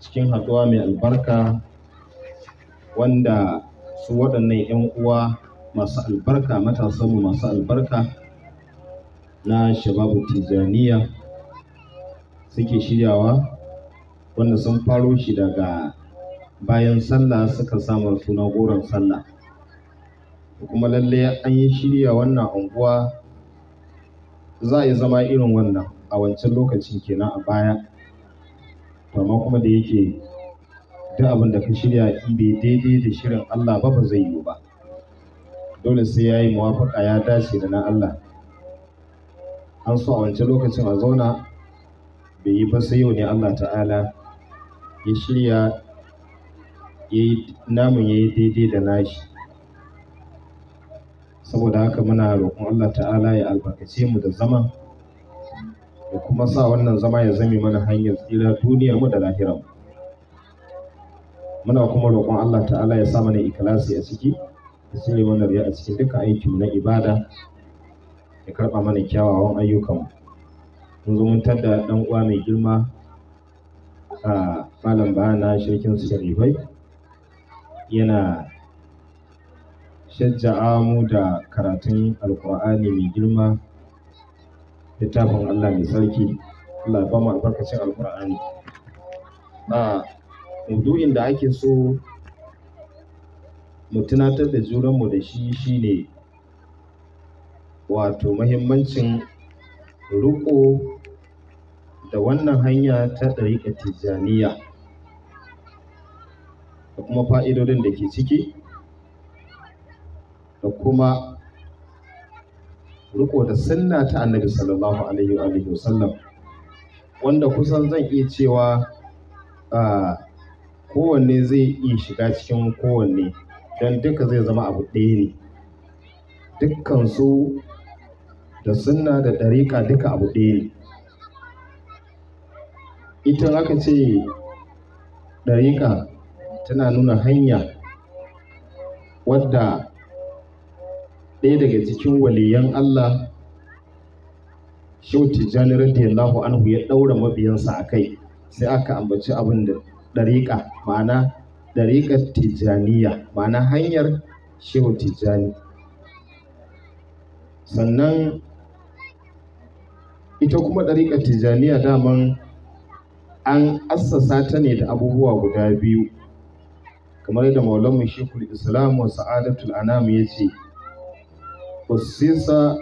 cikin haɗuwa mai albarka wanda su waɗannan 'yan uwa masu albarka matasanmu masu albarka na shababu tijaniya suke shiryawa wanda sun faro shi daga bayan sallah suka samar suna goron sallah kuma lalle an yi shirya wannan unguwa za a yi zama irin wannan a wancan lokacin kenan a baya amma kuma da yake duk abin da ka shirya in bai daidai da shirin Allah ba ba zai yiwu ba dole sai ya yi muwafaka ya dace da na Allah an so a wance lokacin a zauna bai yi ba sai yau ne Allah ta'ala ya shirya namun ya yi daidai da nashi saboda haka muna roƙon Allah ta'ala ya albarkace mu da zaman Da kuma sa wannan zama ya zame mana hanyar tsira duniyar mu da lahirar muna kuma roƙon Allah ta'ala ya sa mana ikhlasi a ciki ya cire mana riya a cikin dukkan aikin na ibada ya karɓa mana kyawawan ayyukan mun zo mun tadda ɗan uwa mai girma a malam na shirkin sharifai yana shajja'a mu da karatun alkur'ani mai girma littafin Allah mai sarki Allah ya mu albarkacin alkur'ani a maudu'in da ake so mu tunatar da junanmu da shi shine wato mahimmancin riƙo da wannan hanya ta ɗariƙa tijjaniya da kuma fa'idodin da ke ciki da kuma riko da sunna ta annabi sallallahu alaihi wa alihi wanda kusan zan iya cewa kowanne zai iya shiga cikin kowanne don duka zai zama abu ɗaya ne dukkan da sunna da ɗariƙa duka abu ɗaya ne ita aka ce ɗariƙa tana nuna hanya wadda ɗaya daga cikin waliyan Allah Shehu Tijjani radiyallahu anhu ya ɗaura mabiyansa a kai sai aka ambaci abin da ɗariƙa ma'ana ɗariƙar Tijjaniya ma'ana hanyar Shehu Tijjani sannan ita kuma ɗariƙar Tijjaniya daman an assasa ta ne da abubuwa guda biyu kamar yadda maulamin Shekul Islam wa Sa'adatul Anam ya ce usisa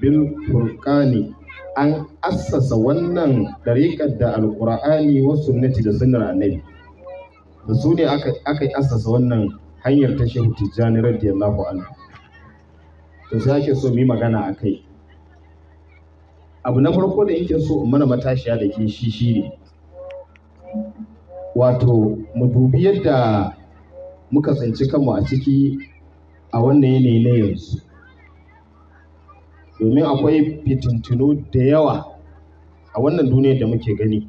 bil furqani an assasa wannan dariƙar da alƙur'ani wa sunnati da sunnar annabi da su ne aka aka assasa wannan hanyar ta Shehu Tijjani radiyallahu anhu to sai ake so mu yi magana akai abu na farko da yake so mana matashiya da ke shi ne wato mu dubi yadda muka tsinci kanmu a ciki a wannan yanayi na yanzu domin akwai fitintinu da yawa a wannan duniyar da muke gani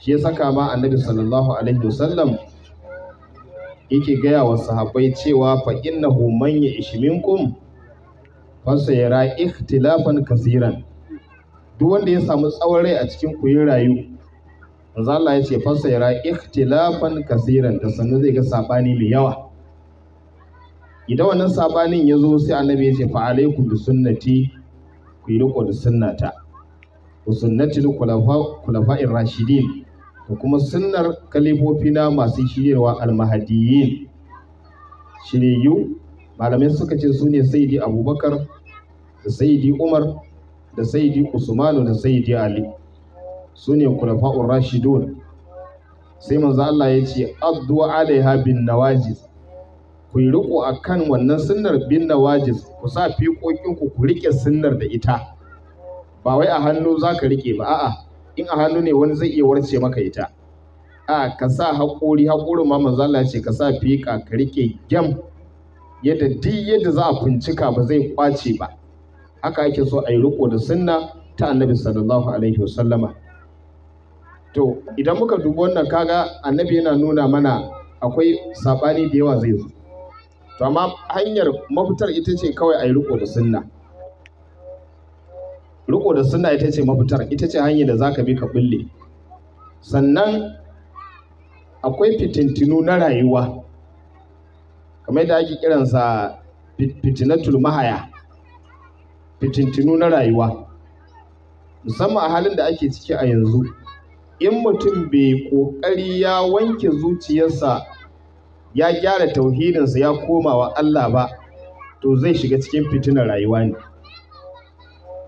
shi ya saka ma annabi sallallahu alaihi wasallam yake gaya wa sahabbai cewa fa innahu man ya'ish minkum fa sayara ikhtilafan kaseeran duk wanda ya samu tsawon rai a cikin ku yin rayu manzo Allah ya ce fa sayara ikhtilafan kaseeran da sannan zai ga sabani mai yawa idan wannan sabanin ya zo sai annabi ya ce fa alaikum bi sunnati ku yi riko da sunnata wa sunnatil khulafa'ir rashidin da kuma sunnar kalifofina masu shiryarwa almahadiyin shiriyu malamai suka ce su ne sayyidi abubakar da sayyidi umar da sayyidi usmanu da sayyidi ali su ne khulafa'ur rashidun sai manzo Allah ya ce addu'a alaiha bin nawajiz ku yi riko a kan wannan sunnar bin wajis ku sa fiƙoƙinku ku ku rike sunnar da ita ba wai a hannu za ka riƙe ba a'a in a hannu ne wani zai iya warce maka ita a ka sa Hakori Hakorin ma manzo Allah ce ka sa fiƙa ka riƙe gem yadda duk yadda za a kuncika ba zai kwace ba haka ake so a yi riko da sunna ta annabi sallallahu alaihi wasallama to idan muka dubi wannan kaga annabi yana nuna mana akwai saɓani da yawa zai zo to amma hanyar mafitar ita ce kawai a yi riko da sunna riko da sunna ita ce mafitar ita ce hanyar da za ka bi ka bulle sannan akwai fitintinu na rayuwa kamar yadda ake kiransa fitinatul mahaya fitintinu na rayuwa musamman a halin da ake ciki a yanzu in mutum bai kokari ya wanke zuciyarsa ya gyara tauhidinsa ya koma wa Allah ba to zai shiga cikin fitinar rayuwa ne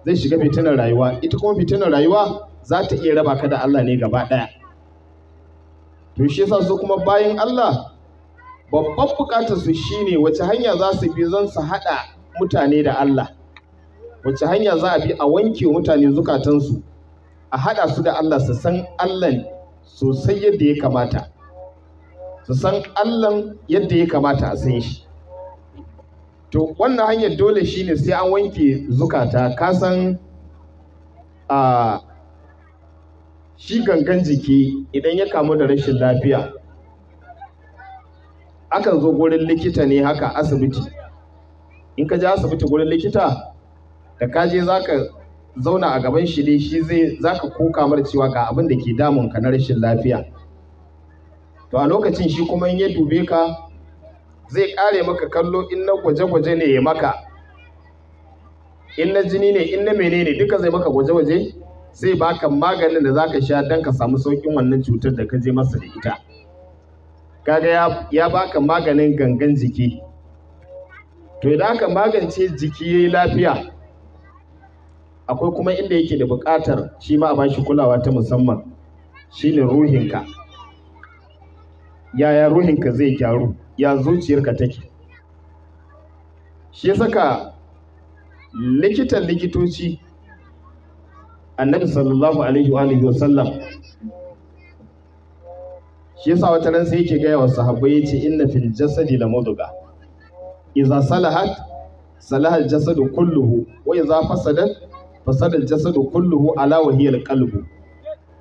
zai shiga fitinar rayuwa ita kuma fitinar rayuwa za ta iya raba ka da Allah ne gaba ɗaya to shi yasa su kuma bayan Allah babban bukatar su shine wace hanya za su bi zan su haɗa mutane da Allah wace hanya za a bi a wanke mutane zukatansu a haɗa su da Allah su san Allah sosai yadda ya kamata su san allahn yadda ya kamata a san shi to wannan hanyar dole shi ne sai an wanke zukata ka san a shi gangan jiki idan ya kamu da rashin lafiya akan zo gurin likita ne haka asibiti in ka je asibiti gurin likita da ka je za ka zauna a gaban shi ne shi zai za ka koka cewa ga abin da ke damun ka na rashin lafiya to a lokacin shi kuma in ya dube ka zai kare maka kallo in na gwaje-gwaje ne ya maka in na jini ne in na menene duka zai maka gwaje-gwaje zai baka maganin da zaka sha don ka samu saukin wannan cutar da ka je masa da ita kaga ya baka maganin gangan jiki to idan aka magance jiki yayi lafiya akwai kuma inda yake da buƙatar shi ma a bashi kulawa ta musamman shine ruhinka yaya ruhinka zai gyaru ya zuciyarka take shi ya saka likitan likitoci annabi sallallahu alaihi wa alihi wasallam shi yasa wata ran sai yake gaya wa sahabbai yace inna fil jasadi la mudga idza salahat salaha al jasadu kulluhu wa idza fasadat fasada al jasadu kulluhu ala wa hiya al qalbu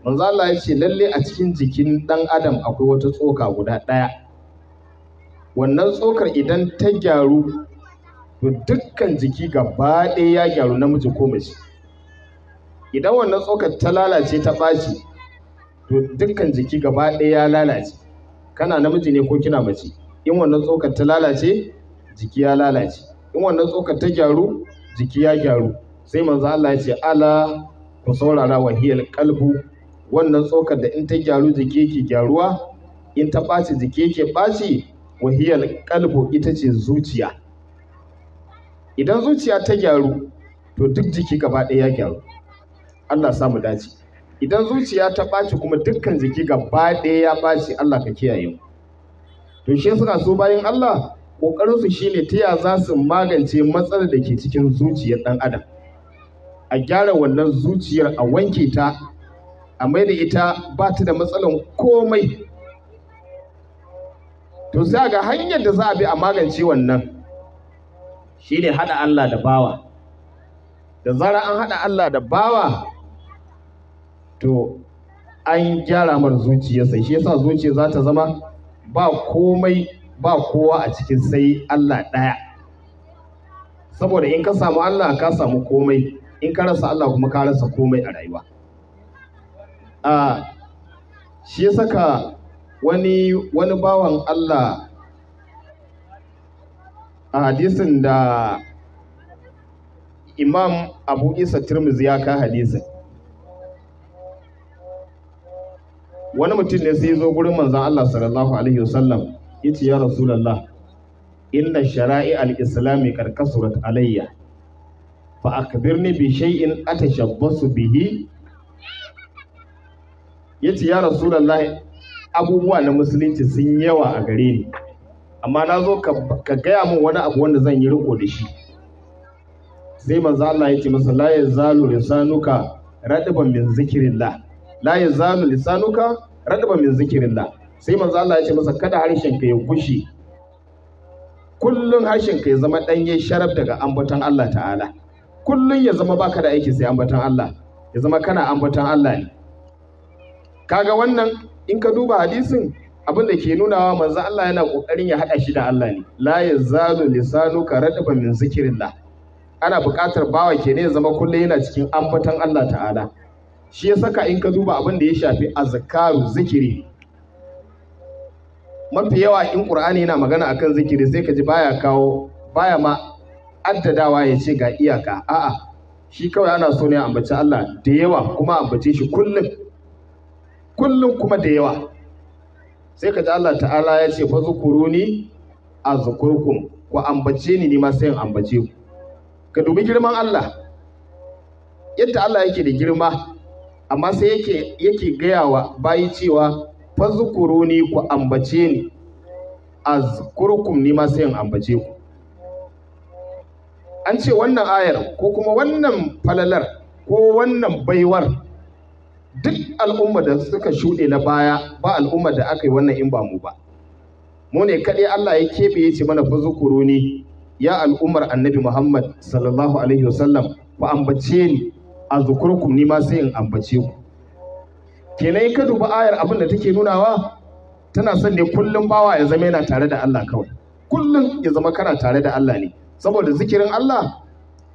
manzo Allah ya ce lalle a cikin jikin ɗan adam akwai wata tsoka guda ɗaya wannan tsokar idan ta gyaru to dukkan jiki gaba ɗaya ya gyaru namiji ko mace idan wannan tsokar ta lalace ta ɓaci to dukkan jiki gaba ɗaya ya lalace kana namiji ne ko kina mace in wannan tsokar ta lalace jiki ya lalace in wannan tsokar ta gyaru jiki ya gyaru sai manzo Allah ya ce ala ku saurara wahiyal qalbu wannan tsokar da in ta gyaru jiki ke gyaruwa in ta ɓaci jiki ke ɓaci wahiyar kalbo ita ce zuciya idan zuciya ta gyaru to duk jiki gaba ɗaya ya gyaru Allah samu dace idan zuciya ta ɓaci kuma dukkan jiki gaba ɗaya ya ɓaci Allah ka kiyaye mu to shi suka so bayan Allah su shine ta ya za su magance matsalar da ke cikin zuciyar ɗan adam a gyara wannan zuciyar a wanke ta a mai da ita ba ta da matsalan komai to sai ga hanyar da za a bi a magance wannan shine haɗa Allah da bawa da zara an haɗa Allah da bawa to an gyara mar zuciyarsa shi yasa zuciya za ta zama ba komai ba kowa a cikin sai Allah ɗaya saboda in ka samu Allah ka samu komai in ka rasa Allah kuma ka rasa komai a rayuwa a shi ya saka wani wani bawan Allah a hadisin da imam abu isa tirmizi ya ka hadisin wani mutum ne sai zo gurin manzon Allah sallallahu alaihi wasallam yace ya rasulullah inna shara'i al-islami karkasurat alayya fa akbirni bi shay'in atashabbasu bihi ya ce ya rasulullahi abubuwa na musulunci sun yawa a gare ni amma na zo ka gaya min wani abu wanda zan yi riko da shi sai manzo Allah ya ce masa la yazalu lisanuka radiban min zikrillah la yazalu lisanuka radiban min zikrillah sai manzo Allah ya ce masa kada harshen ka ya gushi kullun harshen ka ya zama danye sharaf daga ambaton Allah ta'ala kullun ya zama baka da aiki sai ambaton Allah ya zama kana ambaton Allah ne kaga wannan in ka duba hadisin abin da ke nunawa manzo Allah yana kokarin ya hada shi da Allah ne la yazalu lisanuka radban min zikrillah ana buƙatar bawa ke ya zama kullum yana cikin ambaton Allah ta'ala shi ya saka in ka duba abin da ya shafi azkaru zikiri mafi yawa in qur'ani yana magana akan zikiri sai ka ji baya kawo baya ma addadawa ya ce ga iyaka a'a shi kawai ana so ne a ambaci Allah da yawa kuma ambace shi kullum kullum kuma da yawa sai ka ji Allah ta'ala ya ce a azkurkum ku ambace ni ni ma sai ambace ku ka dubi girman Allah yadda Allah yake da girma amma sai yake yake gayawa bayi cewa kuruni ku ambace ni azkurkum ni ma sai ambace ku an ce wannan ayar ko kuma wannan falalar ko wannan baiwar duk al'ummar da suka shuɗe na baya ba al'umma da aka yi wannan in ba mu ba mu ne kaɗai Allah ya keɓe ya ce mana fuzukuru ne ya al'ummar annabi Muhammad sallallahu alaihi wasallam ku ambace ni a zukurku ni ma sai in ambace ku kenan ka duba ayar abin da take nunawa tana son ne kullum bawa ya zama yana tare da Allah kawai kullum ya zama kana tare da Allah ne saboda zikirin Allah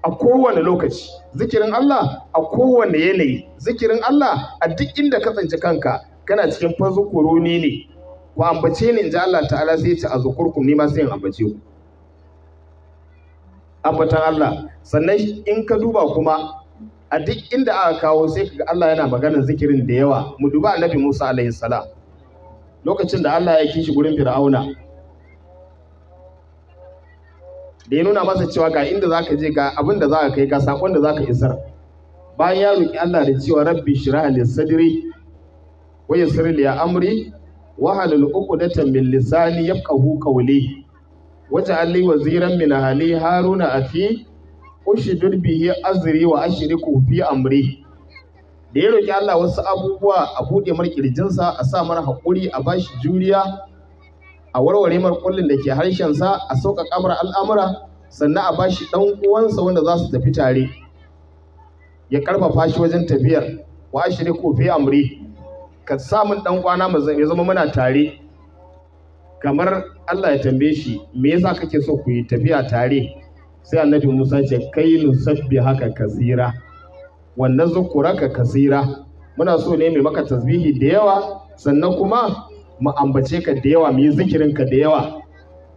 a kowane lokaci zikirin Allah a kowane yanayi zikirin Allah a duk inda ka tsanci kanka kana cikin fazukuru ne ne ku ambace ni inji Allah ta'ala sai ce a zukurku ni ma sai in ambace ku ambatan Allah sannan in ka duba kuma a duk inda aka kawo sai ka ga Allah yana maganar zikirin da yawa mu duba annabi Musa alaihi salam lokacin da Allah ya kishi gurin Fir'auna da ya nuna masa cewa ga inda za ka je ga abin da za ka kai ga sakon da za ka isar bayan ya roƙi Allah da cewa rabbi Shira, li sadri wa yassir li amri wa halul uqdatan min lisani yafqahu qawli waj'al li waziran min ahli haruna afi ushdud bihi azri wa ashriku fi amri da ya roƙi Allah wasu abubuwa a bude mar kirjinsa a sa mara haƙuri a bashi juriya a warware mar kullin da ke harshen sa a sauƙaƙa mar al'amura sannan a bashi ɗan uwansa wanda za su tafi tare ya ƙarfafa shi wajen tafiyar wa ashiri ko fi amri ka samun ɗan kwana ya zama muna tare kamar Allah ya tambaye shi me yasa kake so ku yi tafiya tare sai annabi Musa ce kai nusabbi haka kasira wannan zukuraka kasira muna so ne mai maka tasbihi da yawa sannan kuma mu ambace ka da yawa mu yi zikirin ka da yawa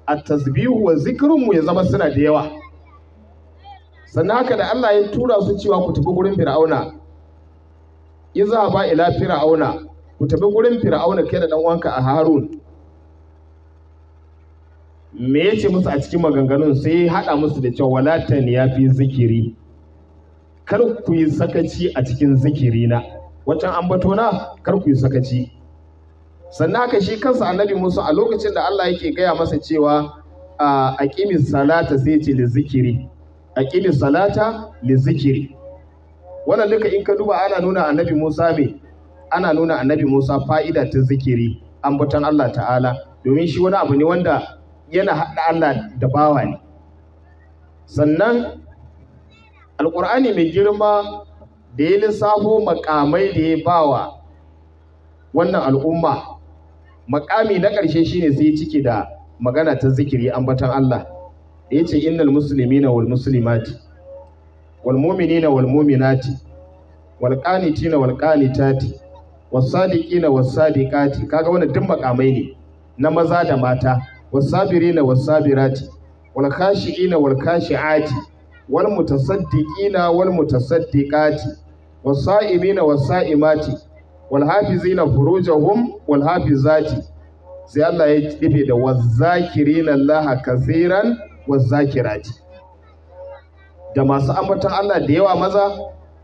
a tasbihu wa zikirin ya zama suna da yawa sannan haka da Allah ya tura su cewa ku tafi gurin fir'auna iza ba ila fir'auna ku tafi gurin fir'auna kai da dan uwanka a harun me ya ce musu a cikin maganganun sai ya haɗa musu da cewa walatan ya fi zikiri kar ku yi sakaci a cikin zikirina wacan ambatona kar ku yi sakaci sannan haka shi kansa annabi musa a lokacin da allah yake gaya masa cewa a ƙimis salata sai ce li zikiri a salata li zikiri wannan duka in ka duba ana nuna annabi musa me ana nuna annabi musa fa'ida ta zikiri ambaton allah ta'ala domin shi wani abu ne wanda yana haɗa allah da bawa ne sannan alƙur'ani mai girma da ya lissafo makamai da ya bawa wannan al'umma makami na ƙarshe shine sai ciki da magana ta zikiri ambatan Allah da ce innal muslimina wal muslimati wal mu'minina wal mu'minati wal qanitina wal qanitati was sadiqina was sadiqati kaga wannan duk makamai ne na maza da mata was sabirina was sabirati wal khashiina wal khashiati wal mutasaddiqina wal mutasaddiqati was sa'imina was sa'imati wal furuja furujahum walhafi hafizati sai Allah ya kife da wazakirina Allah kaseeran wazakirati da masu ambatan Allah da yawa maza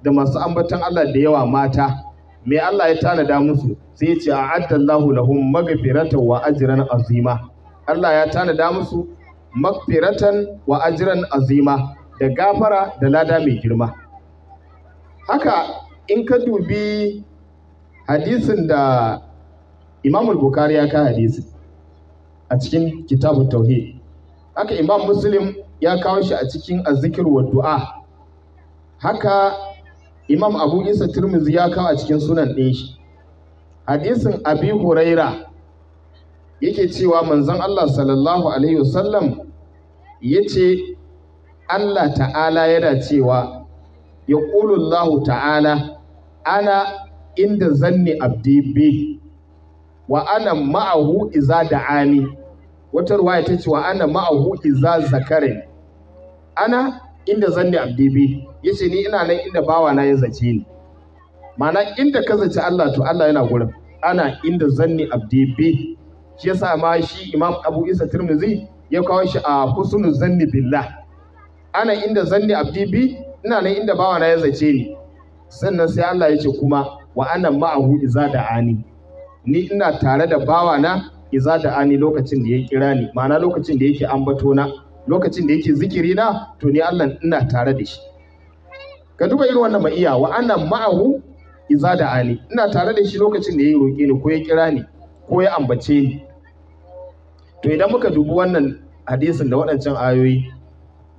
da masu ambatan Allah da yawa mata me Allah ya tanada musu sai ya ce a'adda Allahu lahum maghfiratan wa ajran azima Allah ya tanada musu maghfiratan wa ajran azima da gafara da lada mai girma haka in ka dubi hadisin da imam bukhari ya ka hadisi a cikin kitabun tauhid haka imam muslim ya kawo shi a cikin azzikir wa du'a haka imam abu isa tirmizi ya kawo a cikin sunan ɗin shi hadisin abi huraira yake cewa manzon allah sallallahu alaihi wasallam ya ce allah ta'ala yana cewa ya ta'ala ana inda zanni abdi bi wa ana ma'ahu iza da'ani wata ruwaya ta ce wa ana ma'ahu iza zakare ana inda zanni abdi bi yace ni ina nan inda bawa na ya zace ni ma'ana inda ka zace Allah to Allah yana gurin ana inda zanni abdi bi shi yasa ma shi Imam Abu Isa Tirmidhi ya kawo shi a husnul zanni billah ana inda zanni abdi bi ina nan inda bawa na ya zace ni sannan sai Allah ya ce kuma wa ana ma'ahu iza da ani ni ina tare da bawana iza da ani lokacin da ya kira ni ma'ana lokacin da yake ambato na lokacin da yake zikiri na to ni Allah ina tare da shi ka duba irin wannan ma'iya wa ma'ahu iza da ani ina tare da shi lokacin da ya roƙe ni ko ya kira ni ko ya ambace ni to idan muka dubi wannan hadisin da waɗancan ayoyi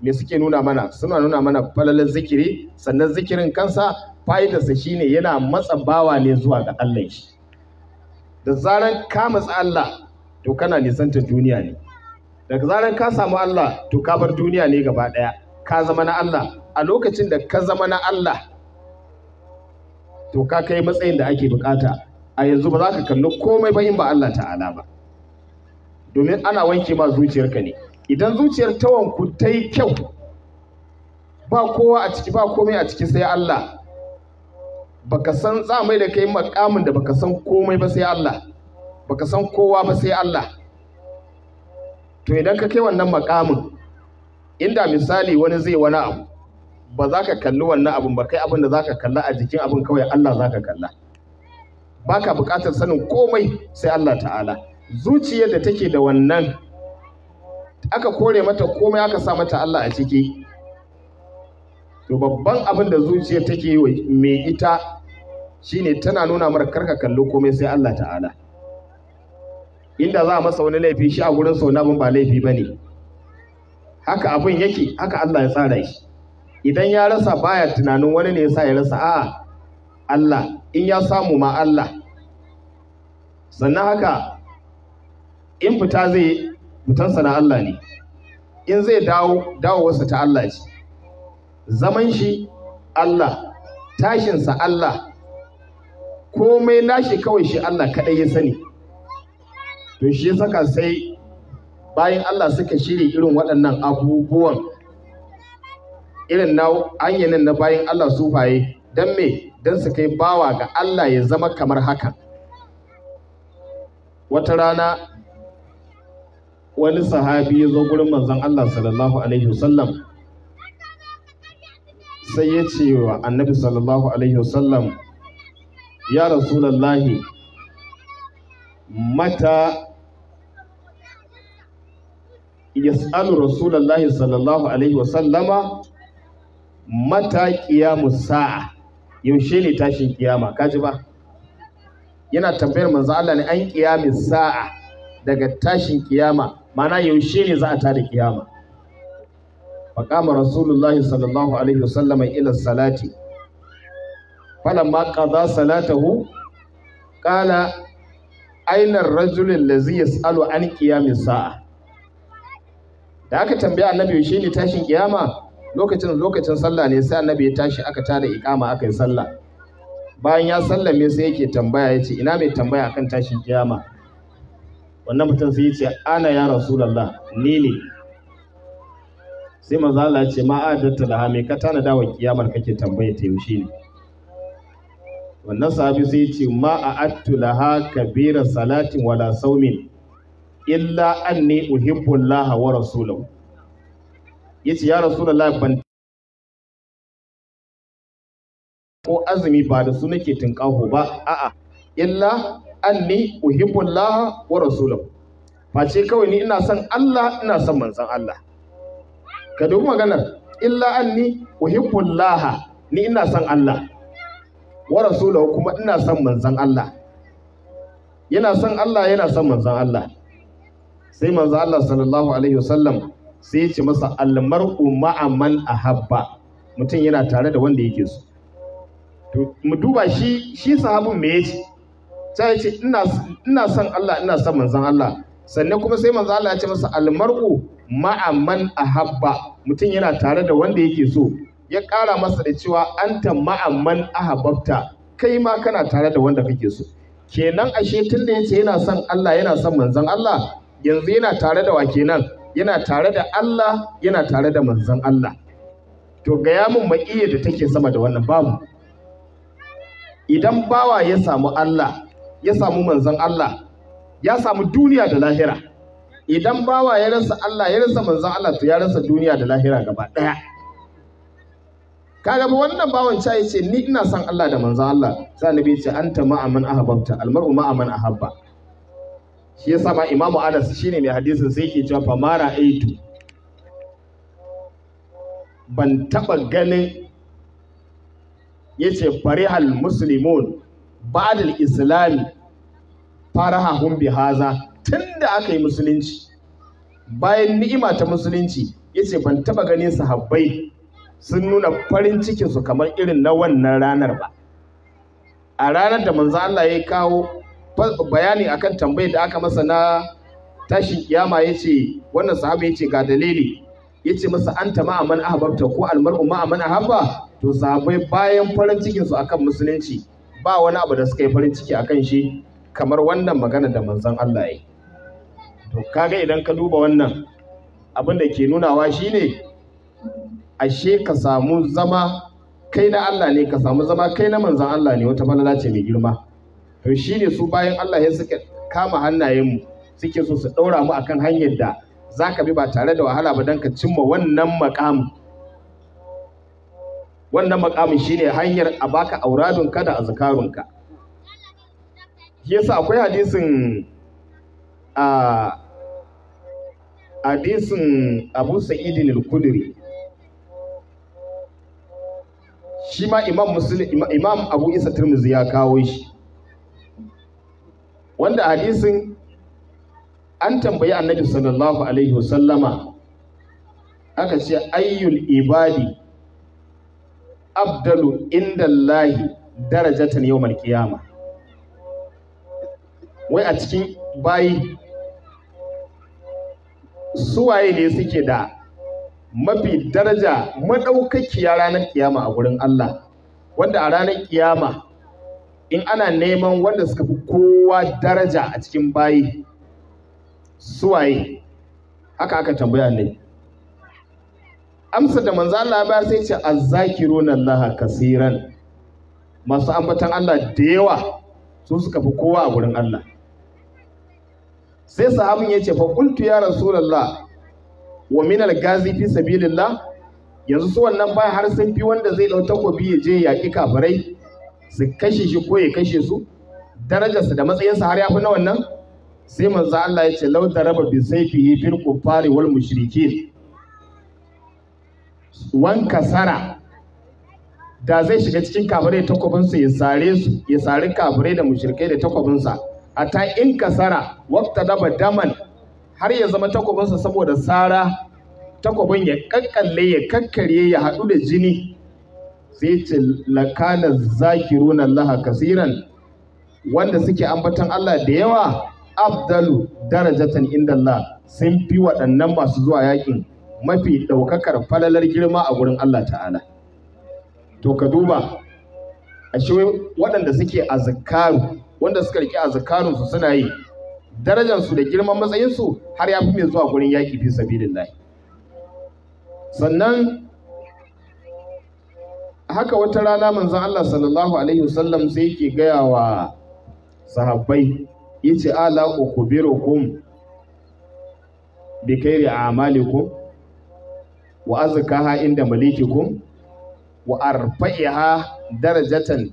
me suke nuna mana suna nuna mana falalar zikiri sannan zikirin kansa fa'idarsa shine yana matsa bawa ne zuwa ga Allah shi da zaran ka matsa Allah to kana ta duniya ne daga zaran ka samu Allah to ka bar duniya ne gaba ɗaya ka zama na Allah a lokacin da ka zama na Allah to ka kai matsayin da ake bukata a yanzu ba za ka kalli komai ba in ba Allah ta'ala ba domin ana wanke ma zuciyarka ne idan zuciyar tawanku ta yi kyau ba kowa a ciki ba komai a ciki sai Allah baka san tsamai da kai makamin da baka san komai ba sai Allah baka san kowa ba sai Allah to idan ka kai wannan makamin inda misali wani zai wani abu ba za ka kalli wannan abun ba kai abin da za ka kalla a jikin abin kawai Allah za ka kalla Ba ka buƙatar sanin komai sai Allah ta'ala zuciyar da take da wannan aka kore mata komai aka sa mata Allah a ciki to babban abin da zuciyar take mai ita shine tana nuna mara karka kallo komai sai Allah ta'ala inda za a masa wani laifi shi a gurin sau nabin ba laifi ba ne haka abin yake haka Allah ya tsara shi idan ya rasa baya tunanin wani ne yasa ya rasa A Allah in ya samu ma Allah sannan haka in fita zai fitansa na Allah ne in zai dawo dawowarsa ta Allah ce zaman shi Allah tashinsa Allah komai nashi kawai shi Allah kaɗai ya sani to shi saka sai bayan Allah suka shirya irin waɗannan abubuwan irin na anyanin na bayan Allah sufaye don me don su kai bawa ga Allah ya zama kamar haka wata rana wani sahabi ya zo gurin manzon Allah sallallahu alaihi wasallam sai ya ce wa annabi sallallahu alaihi wasallam ya rasulallahi mata yas'alu rasulallahi sallallahu alaihi wasallama mata kiyamu sa'a yaushe ne tashin kiyama kaji ba yana tambayar manzo Allah ne an kiyami sa'a daga tashin kiyama mana yaushe ne za a tada kiyama faqama rasulullahi sallallahu alaihi wasallama ila salati falamma qada salatahu qala aina ar-rajul allazi yas'alu an qiyamis sa'a da aka tambaya annabi shi ne tashin kiyama lokacin lokacin sallah ne sai annabi ya tashi aka tada ikama aka yi sallah bayan ya sallame sai yake tambaya yace ina mai tambaya akan tashin kiyama wannan mutum sai yace ana ya rasulullah ni ne sai manzo Allah ya ce ma adatta laha me ka tana dawa kiyamar kake tambaya ta yaushe ne wannan sahabi sai ce ma a attu laha kabira salatin wala saumin illa anni uhibbu Allah wa rasulahu yace ya rasulullahi ban ko azumi ba da su nake tinkaho ba a'a illa anni uhibbu Allah wa rasulahu face kawai ni ina son Allah ina son manzon Allah ka dubi maganar illa anni uhibbu Allah ni ina son Allah wa rasulahu kuma ina son manzon Allah yana son Allah yana son manzon Allah sai manzon Allah sallallahu alaihi wasallam sai ya ce masa almar'u ma'a man ahabba mutum yana tare da wanda yake so to mu duba shi shi sahabin me yace sai ya ce ina ina son Allah ina son manzon Allah sannan kuma sai manzon Allah ya ce masa almar'u ma'a man ahabba mutum yana tare da wanda yake so ya ƙara masa da cewa anta ma'amman ahabbabta kai ma kana tare da wanda kake so kenan ashe tun da yace yana son Allah yana son manzon Allah yanzu yana tare da wa kenan yana tare da Allah yana tare da manzon Allah to gaya min maƙiyar da take sama da wannan babu idan bawa ya samu Allah ya samu manzon Allah ya samu duniya da lahira idan bawa ya rasa Allah ya rasa manzon Allah to ya rasa duniya da lahira gaba ɗaya kaga ba wannan bawan ya ce ni ina son Allah da manzo Allah sai annabi ya ce anta ma'a man ahabbta almar'u ma'a man ahabba shi yasa ma Imam Anas shine mai hadisin sai yake cewa fa mara aitu ban taba ganin yace farihal muslimun ba'dal islami Faraha, bi haza tunda aka yi musulunci bayan ni'ima ta musulunci yace ban taba ganin sahabbai sun nuna farin cikinsu kamar irin na wannan ranar ba a ranar da manzo Allah ya kawo bayani akan tambayar da aka masa na tashin kiyama ce wannan ya ce ga dalili ce masa anta ma man ahbabta ko almar'u ma man ahabba to sahabai bayan farin cikinsu akan musulunci ba wani abu da suka yi farin ciki akan shi kamar wannan magana da manzon Allah ya yi. to kaga idan ka duba wannan abin da ke nunawa shine ashe ka samu zama kai na Allah ne ka samu zama kai na manzan Allah ne wata falala ce mai girma to ne su bayan Allah ya suka kama hannayen mu suke so su ɗaura mu akan hanyar da za ka bi ba tare da wahala ba don ka cimma wannan makamu wannan shi shine hanyar a baka auradunka da azkarunka yasa akwai hadisin a ah, hadisin Abu Sa'id al kudri shi ma imam muslim imam abu isa tirmizi ya kawo shi wanda hadisin an tambayi annabi sallallahu alaihi wasallama aka ce ayyul ibadi abdalu indallahi darajatan yawmal qiyama wai a cikin bayi suwaye ne suke da mafi daraja maɗaukakiya ranar kiyama a gurin Allah wanda a ranar kiyama in ana neman wanda suka fi kowa daraja a cikin bayi suwaye haka aka tambaya ne amsa da manzo Allah ba sai ce azzakiruna Allah kasiran masu ambatan Allah da yawa su suka fi kowa a gurin Allah sai sahabin ya ce fa qultu ya rasulullah wa min al-gazi fi sabilillah yanzu su wannan baya har sun fi wanda zai dau takobi ya je yaƙi kafirai su kashe shi ko ya kashe su darajarsa da matsayinsa har ya fi na wannan sai manzo Allah ya ce law daraba bi sayfihi fil kufari wal mushrikin wan kasara da zai shiga cikin kafirai su ya sare su ya sare kafirai da mushrikai da A ta in kasara waqta daba daman har ya zama takobinsa saboda tsara takobin ya kankalle ya kakkarye ya haɗu da jini zai ce lakana zakiruna Laha kasiran wanda suke ambatan Allah da yawa Abdalu darajatan inda Allah sun fi waɗannan masu zuwa yakin mafi ɗaukakar falalar girma a wurin Allah ta'ala to ka duba ashe waɗanda suke azkaru wanda suka riƙe azkarunsu suna yi darajarsu da girman matsayinsu har ya fi mai zuwa gurin yaƙi fi lahi sannan haka wata rana manzon Allah sallallahu alaihi wasallam sai yake gaya wa sahabbai ce ala ukubirukum bi amali a'malikum wa ha inda malikikum wa arfa'i ha darajatan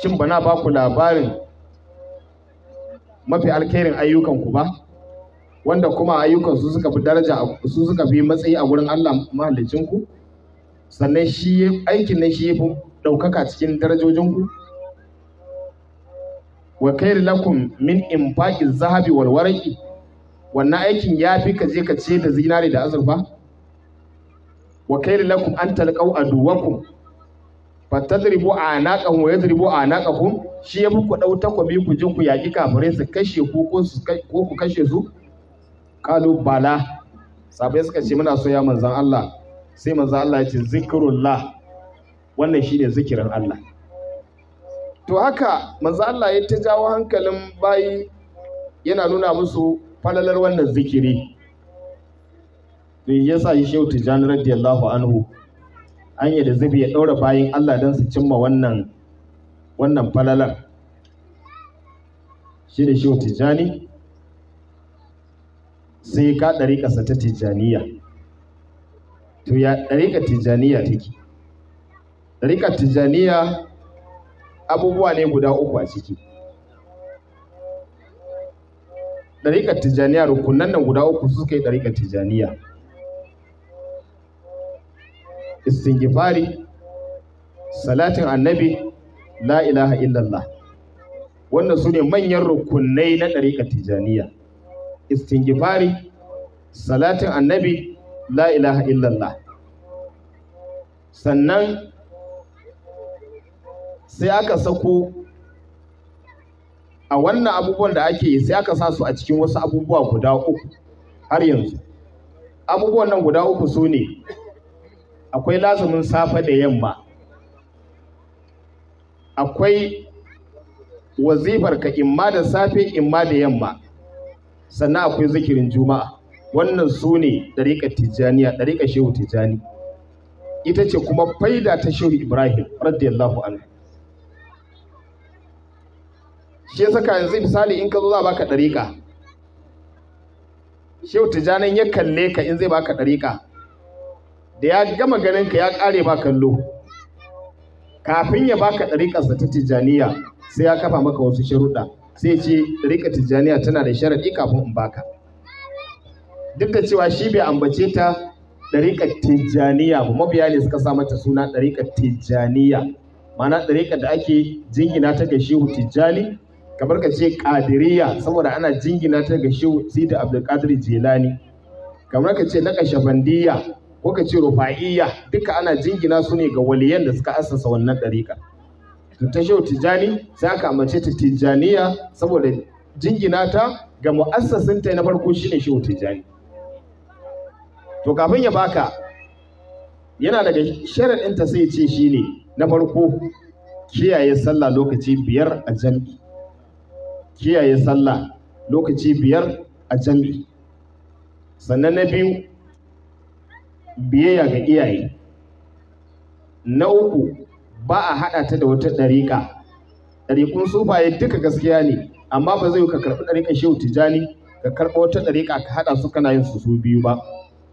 shin bana ba ku labarin mafi alkhairin ayyukan ku ba wanda kuma ayyukan su suka fi daraja su suka fi matsayi a gurin Allah mahallicin ku sannan shi aikin nan shi yafi daukaka cikin darajojin ku wa kair lakum min infaqi zahabi wal warqi wannan aikin yafi ka je ka ce da zinare da azurfa wa kair lakum an talqau aduwakum fatadribu anaqahum wa yadribu anaqahum shi ya muku dau takobi ku jin ku yaki kafirai su kashe ku ko su ko ku kashe su qalu bala sabai suka ce muna so ya manzon Allah sai manzon Allah ya ce zikrullah wannan shine zikirin Allah to haka manzon Allah ya ta jawo hankalin bayi yana nuna musu falalar wannan zikiri to yasa shi shehu tijani radiyallahu anhu hanyar da zubi ya ɗaura bayan Allah don su cimma wannan wannan falalar shi da wa tijjani sai ka sa ta tijjaniya to ya ɗariƙar tijjaniya take ɗariƙar tijjaniya abubuwa ne guda uku a ciki ɗariƙar tijjaniya rukunan nan guda uku suka yi ɗariƙar tijjaniya istighfari salatin annabi la ilaha illallah wannan su ne manyan rukunai na ɗariƙar tijaniya istighfari salatin annabi la ilaha illallah sannan sai aka sako a wannan abubuwan da ake yi sai aka sa su a cikin wasu abubuwa guda uku har yanzu abubuwan nan guda uku su ne akwai lazumin safe da yamma akwai wazifar ka imma da safe imma da yamma sannan akwai zikirin juma'a wannan su ne dariƙar tijjaniya dariƙa shehu tijjani ita ce kuma faida ta shehu ibrahim radiyallahu anhu shi saka yanzu misali in ka zo za baka dariƙa shehu Tijjani ya kalle ka in zai baka dariƙa da ya gama ganin ka ya kare ba kallo kafin ya baka ɗariƙarsa ta tijjaniya sai ya kafa maka wasu sharuɗa sai ce ɗariƙar tijjaniya tana da sharaɗi kafin in baka duk da cewa shi bai ambace ta ɗariƙar tijjaniya ba mabiya ne suka sa mata suna ɗariƙar tijjaniya ma'ana ɗariƙar da ake jingina ta ga shehu tijjani kamar ka ce ƙadiriya saboda ana jingina ta ga shehu sidi abdulkadir jelani kamar ka ce na ƙashabandiya ko ka ce rufa'iyya duka ana jingina su ne ga waliyan da suka asasa wannan ɗariƙa ta shau tijjani sai aka amince ta tijjaniya saboda jingina ta ga mu'assasin ta na farko shine shau tijjani to kafin ya baka yana daga sharaɗin ta sai ce shine na farko kiyaye sallah lokaci biyar a jam'i kiyaye sallah lokaci biyar a jam'i sannan na biyu biyayya ga iyaye na uku ba a haɗa ta da wata ɗariƙa ɗariƙun sufaye duka gaskiya ne amma ba zai ka karɓi ɗariƙar shehu tijjani ka karɓi wata ɗariƙa ka haɗa su kana yin su su biyu ba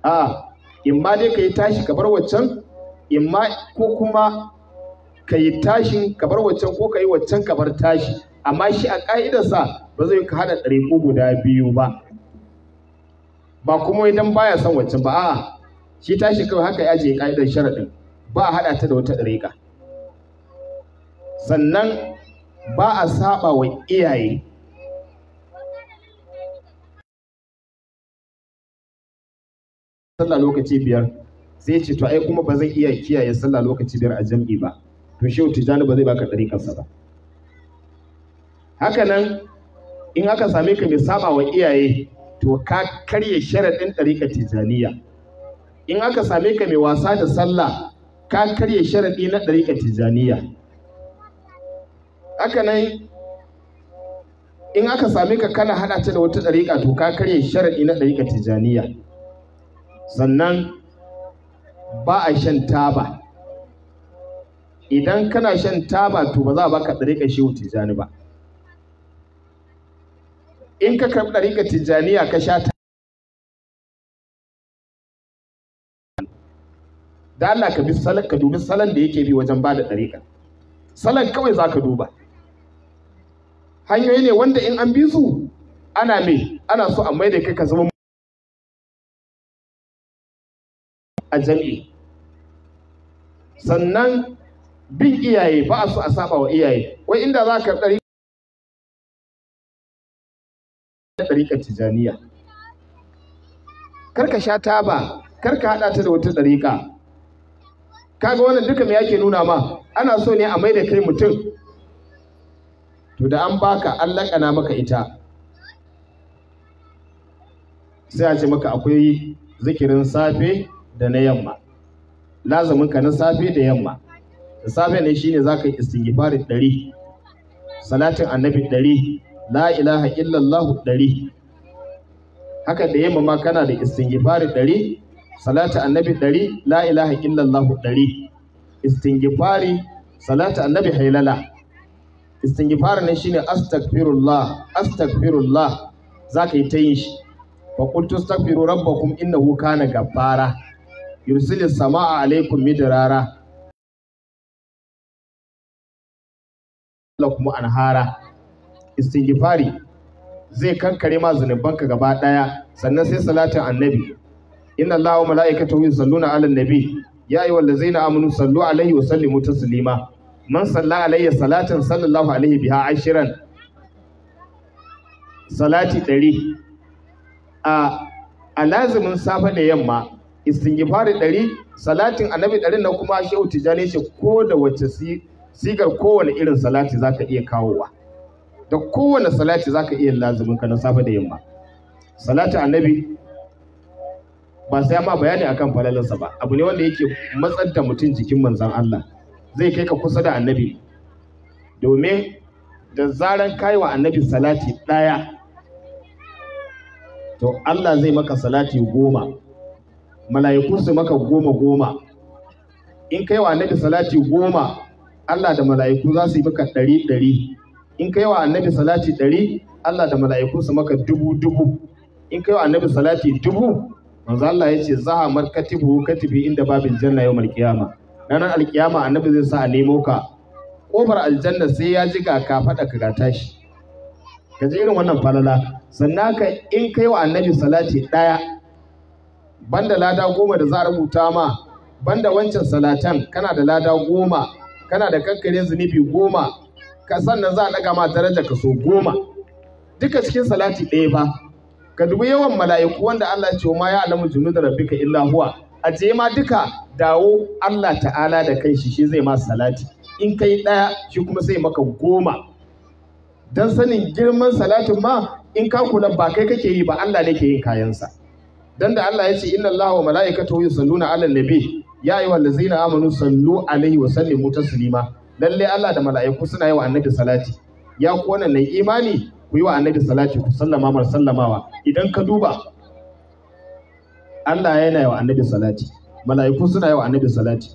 a in ma dai ka yi tashi ka bar waccan in ma ko kuma ka yi tashin ka bar waccan ko ka yi waccan ka bar tashi amma shi a ƙa'idarsa ba zai ka haɗa ɗariƙu guda biyu ba ba kuma idan baya son waccan ba a'a shi tashi kawai haka ya ajiye ka'idar sharaɗin ba a haɗa ta da wata ɗariƙa sannan ba a saɓa wa iyaye sallah lokaci biyar sai ce to ai kuma ba zai iya kiyaye sallah lokaci biyar a jam'i ba to shehu tijjani ba zai baka ɗariƙarsa ba haka nan in aka same ka mai saɓa wa iyaye to ka karya sharaɗin ɗariƙar Tijaniya. in aka same ka mai wasa da sallah ka karye sharaɗi na ɗariƙar tijaniya haka nan in aka same ka kana haɗa ta da wata ɗariƙa to ka karye sharaɗi na ɗariƙar tijaniya sannan ba a shan taba idan kana shan taba to ba za a baka ɗariƙar shehu tijjani ba in ka karɓi ɗariƙar tijaniya ka sha da Allah ka bi salon ka dubi salon da yake bi wajen bada da ɗariƙa salon kawai za ka duba hanyoyi ne wanda in an bi su ana mai ana so a mai da kai ka zama a jam'i sannan bin iyaye ba a so a saba wa iyaye wai inda za ka ɗari ɗariƙa tijaniya kar ka sha taba kar ka haɗa ta da wata ɗariƙa kaga wannan duka me yake nuna ma ana so ne a mai da kai mutum to da an baka an lakana maka ita sai a ce maka akwai zikirin safe da na yamma lazumin ka na safe da yamma da safe ne shine zaka yi istighfar 100 salatin annabi 100 la ilaha illallah 100 haka da yamma ma kana da istighfar 100 salatu annabi ɗari la ilaha illallahu ɗari istingifari salatu annabi hailala istingifari ne shine astagfirullah astagfirullah za ka yi ta yin shi fa qultu astaghfiru rabbakum innahu kana gaffara yursilu samaa alaikum midrara lakum anhara istighfari zai kankare ma zanubanka gaba daya sannan sai salatin annabi inna allaha wa malaikatahu yusalluna 'alan nabi ya ayyuhal ladzina amanu sallu alaihi wa sallimu taslima man salla alayya salatan sallallahu alaihi biha ashiran salati ɗari a a lazimin safe da yamma istighfari ɗari salatin annabi ɗari na kuma shehu tijani ce ko da wace sigar kowane irin salati zaka iya kawowa da kowane salati zaka iya lazumin ka na safe da yamma salatin annabi ba sai ma bayani akan falalarsa ba abu ne wanda yake matsanta da mutum jikin manzon Allah zai kai ka kusa da annabi domin da zaran kai wa annabi salati ɗaya to Allah zai maka salati goma mala'iku su maka goma goma in kai wa annabi salati goma Allah da mala'iku za su yi maka ɗari ɗari in kai wa annabi salati ɗari Allah da mala'iku su maka dubu dubu in kai wa annabi salati dubu manzo Allah yace za a markatibu katibi inda babin janna yawmal Dan ranar alkiyama annabi zai sa a nemo ka kofar aljanna sai ya jiga ka fada ka gata shi ka ji irin wannan falala sannan ka in kai wa annabi salati daya banda lada goma da za a rubuta ma banda wancan salatan kana da lada goma kana da kankare zunubi goma ka sannan za a daga ma daraja ka so goma duka cikin salati ɗaya ba ka dubi yawan mala'iku wanda Allah ce ma ya alamu da rabbika illa huwa a ce ma duka dawo Allah ta'ala da kai shi shi zai ma salati in kai ɗaya shi kuma sai maka goma dan sanin girman salatin ma in ka kula ba kai kake yi ba Allah ne ke yin kayansa dan da Allah ya ce inna Allah wa mala'ikatahu yusalluna 'alan nabi ya na amanu sallu alaihi wa sallimu taslima lalle Allah da mala'iku suna yi wa annabi salati ya kuwa wannan imani ku yi wa annabi salati ku sallama mar sallamawa idan ka duba Allah yana yi wa annabi salati mala'iku suna yi wa annabi salati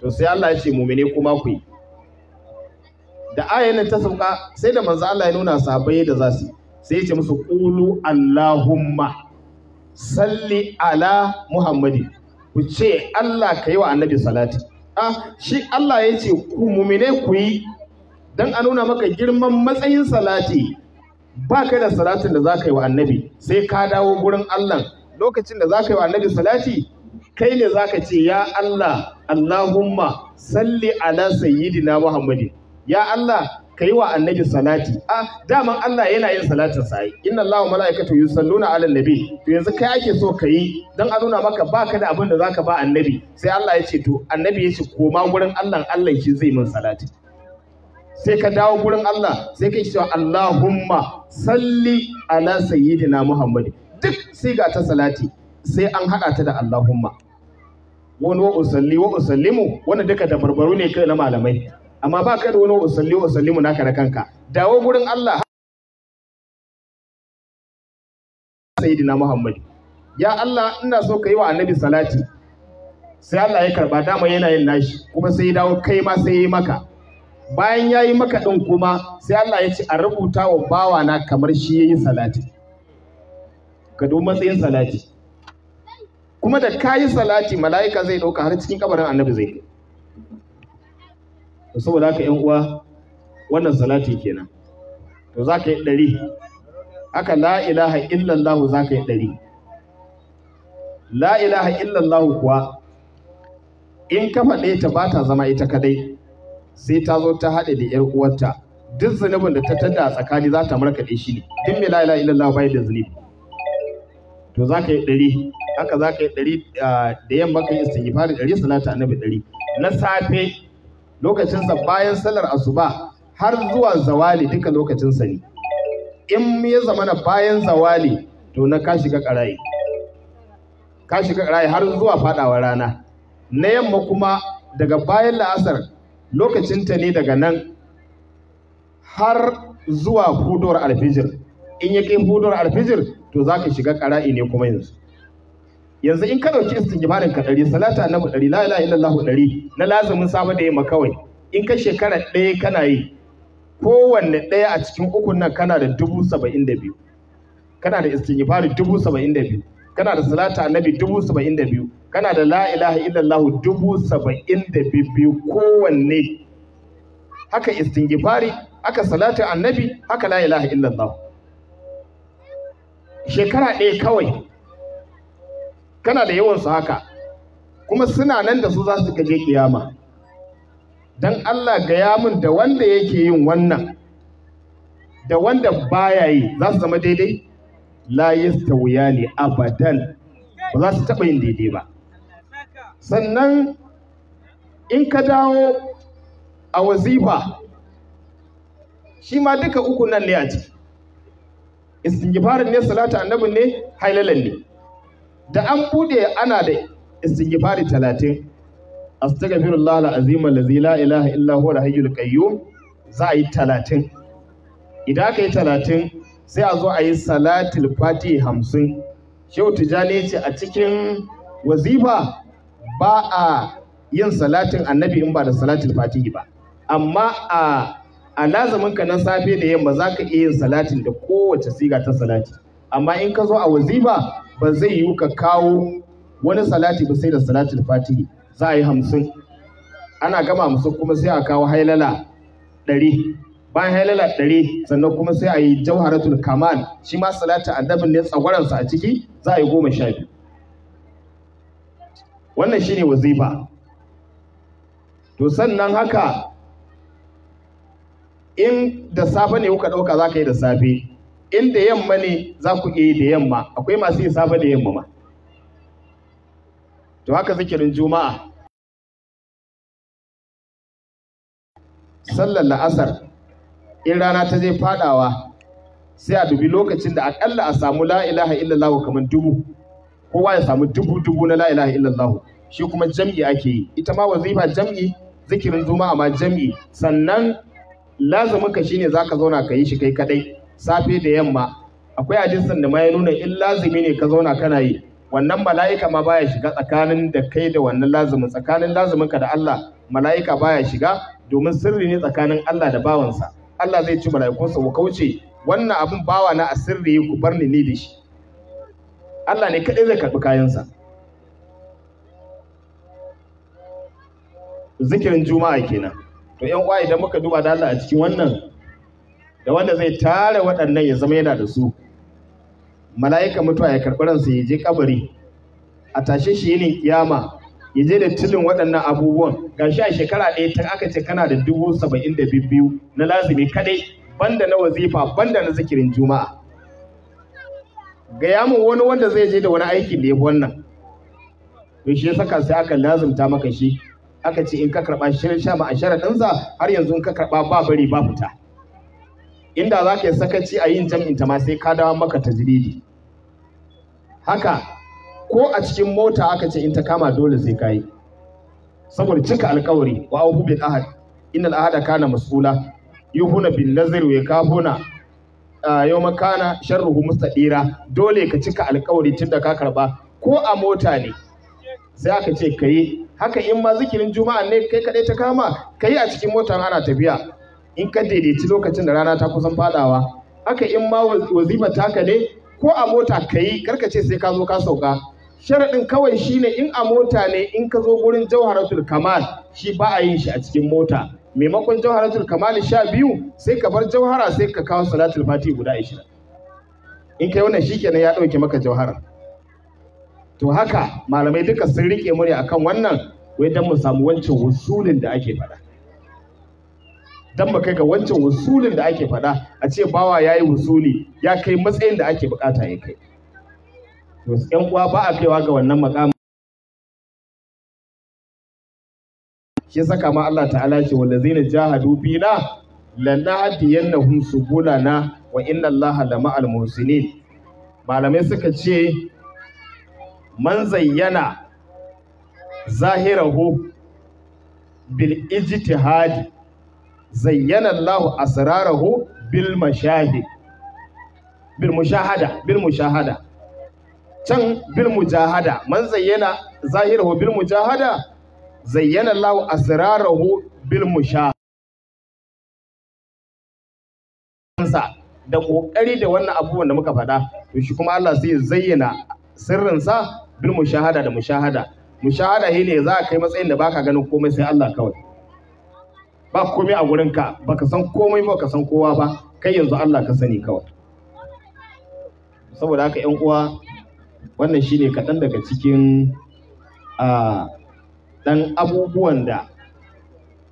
to sai Allah ya ce mumine kuma ku yi da ayyana ta sauka sai da manzo Allah ya nuna sahabbai da za su sai ya ce musu qulu allahumma salli ala muhammadin ku ce Allah ka yi wa annabi salati ah shi Allah ya ce ku mumine ku yi dan a nuna maka girman matsayin salati ba kai da salatin da za ka yi wa annabi sai ka dawo gurin Allah lokacin da za ka yi wa annabi salati kai ne za ka ce ya Allah Allahumma salli ala sayyidina Muhammadin ya Allah ka yi wa annabi salati a daman Allah yana yin salatin sa yi inna Allahu malaikatu yusalluna ala nabi to yanzu kai ake so ka yi dan a nuna maka baka da abin da za ka ba annabi sai Allah ya ce to annabi ya ce koma gurin Allah Allah shi zai min salati sai ka dawo gurin Allah sai yi cewa Allahumma salli ala sayyidina Muhammad duk siga ta salati sai an haɗa ta da Allahumma wani wa usalli wa usallimu wani duka da barbaru ne kai na malamai amma ba ka da wani wa usalli wa usallimu naka da kanka dawo gurin Allah sayyidina Muhammad ya Allah ina so ka yi wa annabi salati sai Allah ya karba dama yana yin nashi kuma sai dawo kai ma sai ya yi maka bayan ya yi maka ɗin kuma sai Allah ya ce a rubuta wa bawana kamar shi ya yi salati ka dubi matsayin salati kuma da ka yi salati mala'ika zai ɗauka har cikin kabarin annabi zai to saboda haka yan uwa wannan salati kenan to za ka yi ɗari haka la ilaha illallahu za ka yi ɗari la ilaha illallahu kuwa in ka faɗe ta ba ta zama ita kadai sai ta zo ta haɗe da ƴar uwarta duk zunubin da ta tada a tsakani za ta markaɗe shi ne duk mai la'ila illallah bai da zunubi to za ka yi ɗari haka za ka yi ɗari da yamma ka yi istighfari ɗari salata annabi ɗari na safe lokacinsa bayan sallar asuba har zuwa zawali duka lokacinsa ne in ya zamana bayan zawali to na ka shiga karaye ka shiga karaye har zuwa faɗawa rana na yamma kuma daga bayan la'asar lokacinta ne daga nan har zuwa huduwar alfijir in ya kai huduwar alfijir to za ka shiga ƙara'i ne kuma yanzu yanzu in ka ɗauki istighfarin ka ɗari salata annabi ɗari la'ila ilaha illallah ɗari na lazumin safa da yamma kawai in ka shekara ɗaya kana yi kowanne ɗaya a cikin ukun nan kana da dubu saba'in da biyu kana da istighfari dubu saba'in da biyu kana da salata annabi dubu saba'in da biyu kana da la ilaha illallah dubu saba'in da biyu kowanne haka istingifari haka Salatu annabi haka la ilaha illallah shekara ɗaya kawai kana da yawansu haka kuma suna nan da su za su kaje kiyama don Allah gaya min da wanda yake yin wannan da wanda baya yi za su zama daidai la yastawiyani abadan ba za su taɓa yin daidai ba sannan in ka dawo a wazifa shi ma duka uku nan ne a ce istighfarin ne salatu annabin ne hailalan ne da an bude ana da istighfari talatin astaghfirullah alazim allazi la ilaha illa huwa alhayyul qayyum za a yi talatin idan aka yi talatin sai a zo a yi salatul fati hamsin shehu tijani ce a cikin wazifa ba a yin salatin annabi in ba da salatin fatihi ba amma a a ka na safe da yamma za ka iya yin salatin da kowace siga ta salati amma in ka zo a waziba ba zai yiwu ka kawo wani salati ba sai da salatin fatihi za a yi hamsin ana gama hamsin kuma sai a kawo hailala ɗari bayan hailala ɗari sannan kuma sai a yi jauharatul kamal shi ma salatin annabin ne tsagwaransa a ciki za a yi goma sha biyu wannan shine wazifa to sannan haka in da safe ne kuka ɗauka za ka yi da safe in da yamma ne za ku iya yi da yamma akwai masu yin safe da yamma ma to haka zikirin juma'a sallar la'asar in rana ta zai fadawa sai a dubi lokacin da akalla a samu la ilaha illallah kamar dubu kowa ya samu dubu dubu na la ilaha illallah shi kuma jam'i ake yi ita ma wazifa jam'i zikirin juma'a ma jam'i sannan lazumin ka shine zaka zauna ka yi shi kai kadai safe da yamma akwai hadisin da ma ya nuna in lazumi ne ka zauna kana yi wannan mala'ika ma baya shiga tsakanin da kai da wannan lazumin tsakanin lazumin da Allah mala'ika baya shiga domin sirri ne tsakanin Allah da bawansa Allah zai ci mala'ikunsa ku kauce wannan abin bawa na a asirri ku bar ni ni da shi Allah ne kaɗai zai karɓi kayansa zikirin juma'a kenan to yan uwa idan muka duba da Allah a cikin wannan da wanda zai tare waɗannan ya zama yana da su mala'ika mutuwa ya karɓi ransa ya je kabari a tashe shi yinin kiyama ya je da tilin waɗannan abubuwan Ga shi a shekara ɗaya ta aka ce kana da dubu saba'in da biyu na lazimi kaɗai, banda na wazifa banda na zikirin juma'a gaya mu wani wanda zai je da wani aikin da ya wannan to shi ya saka sai aka lazumta maka shi aka ce in ka karɓa shirin sha a sharaɗinsa har yanzu in ka karɓa ba bari ba fita inda za ka sakaci a yin jam'in ta ma sai ka dawo maka tajiridi haka ko a cikin mota aka ce in ta kama dole sai kai. saboda cika alkawari wa ahu bil ahad innal ahada kana mas'ula yuhuna bin nazir wa kafuna yau makana sharruhu mustadira dole ka cika alkawari tun da ka karba ko a mota ne sai aka ce ka yi haka in ma zikirin juma'a ne kai kaɗai ta kama ka yi a cikin mota ana tafiya in ka daidaici lokacin da rana ta kusan fadawa haka in ma wazifa taka ne ko a mota ka yi karka ce sai ka zo ka sauka sharaɗin kawai shine in a mota ne in ka zo gurin jawharatul kamal shi ba a yin shi a cikin mota maimakon jawharatul kamali sha biyu sai ka bar jawhara sai ka kawo salatul fati guda ashirin in kai wannan shikenan ya ɗauke maka jawhara to haka malamai duka sun rike murya akan wannan wai dan mu samu wancan wusulin da ake faɗa dan ba kai ga wancan wasulin da ake faɗa a ce bawa yayi wusuli ya kai matsayin da ake bukata ya kai to yan uwa ba a kaiwa ga wannan makamin shi saka ma Allah ta'ala ce wallazina jahadu fina lanadiyannahum subulana wa inna Allaha lama'al muhsinin malamai suka ce man zayyana zahirahu bil ijtihad zayyana Allah asrarahu bil mashahid bil mushahada bil mushahada can bil mujahada man zayyana zahirahu bil mujahada zayyana Allahu asrarahu bil mushahansa da kokari da wannan abubuwan da muka faɗa to shi kuma Allah sai zayyana sirrinsa bil mushahada da mushahada mushahada shine za ka kai matsayin da baka ganin komai sai Allah kawai ba komai a gurin ka baka san komai ba ka san kowa ba kai yanzu Allah ka sani kawai saboda haka ƴan uwa wannan shine kaɗan daga cikin ah, dan abubuwan da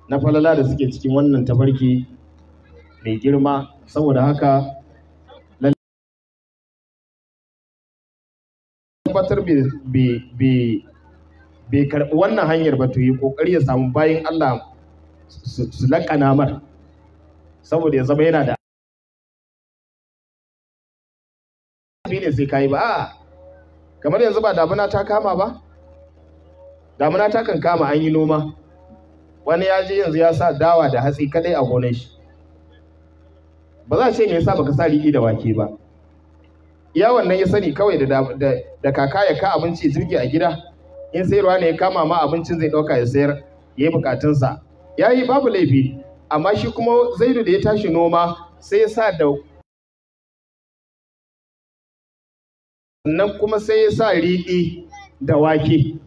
na falala da suke cikin wannan tafarki mai girma saboda haka tabbatar bai karɓi wannan hanyar ba to yi ƙoƙari ya samu bayan Allah su laƙana mar saboda ya zama yana da ne sai kayi ba kamar yanzu ba damuna ta kama ba damuna ta kan kama an yi noma wani ya je yanzu ya sa dawa da hatsi kadai a gonar shi ba za a ce me yasa baka sa riɗi da wake ba Ya wannan ya sani kawai da kaka ya ka abinci jirgi a gida in sayarwa ne ya kama ma abincin zai ɗauka ya sayar ya yi bukatunsa yayi babu laifi amma shi kuma zaidu da ya tashi noma sai ya sa da nan kuma sai ya sa da wake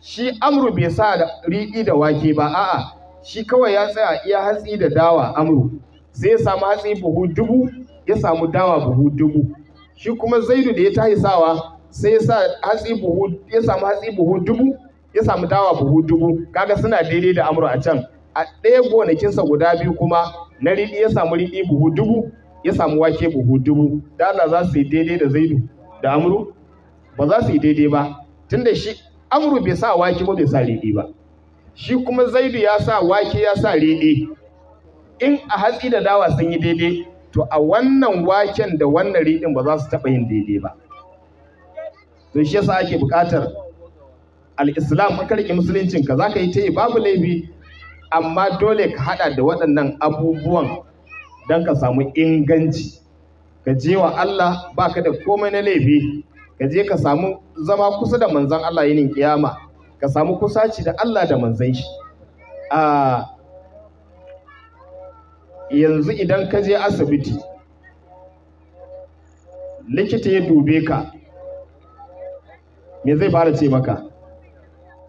shi amru bai sa riɗi da wake ba a'a shi kawai ya tsaya iya hatsi da dawa amru sai ya samu hatsi buhu dubu ya samu dawa buhu dubu shi kuma zaidu da ya tahi sawa sai ya sa hatsi buhu ya samu hatsi buhu dubu ya samu dawa buhu dubu kaga suna daidai da amru a can a ɗaya sa guda biyu kuma na riɗi ya samu riɗi buhu dubu ya samu wake buhu dubu da Allah za su yi daidai da zaidu da amru ba za su yi daidai ba tunda shi amru bai sa wake ba bai sa riɗi ba shi kuma zaidu ya sa wake ya sa riɗi in a hatsi da dawa sun yi daidai to a wannan waken da wannan riɗin ba za su taɓa yin daidai ba to shi yasa ake buƙatar al-islam makarƙi musuluncin ka zaka yi ta yi babu laifi amma dole ka haɗa da waɗannan abubuwan don ka samu inganci ka je wa Allah baka da komai na laifi ka je ka samu zama kusa da manzan Allah yinin kiyama ka samu kusaci da Allah da manzan shi a yanzu idan ka je asibiti likita ya dube ka me zai fara ce maka